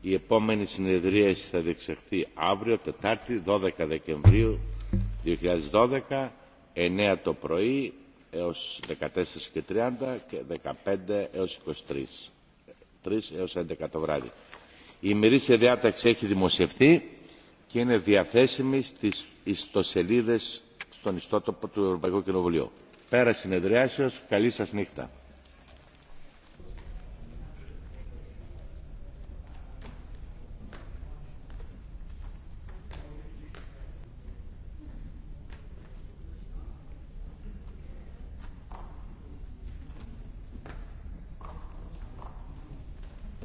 Η επόμενη συνεδρίαση θα διεξαχθεί αύριο, Τετάρτη, 12 Δεκεμβρίου 2012, 9 το πρωί έως 14.30 και 15 έως 23. 3 έως 11 το βράδυ. Η ημερήσια διάταξη έχει δημοσιευθεί και είναι διαθέσιμη στις ιστοσελίδες στον ιστότοπο του Ευρωπαϊκού Κοινοβουλίου. Πέρα συνεδριάσεως, καλή σας νύχτα.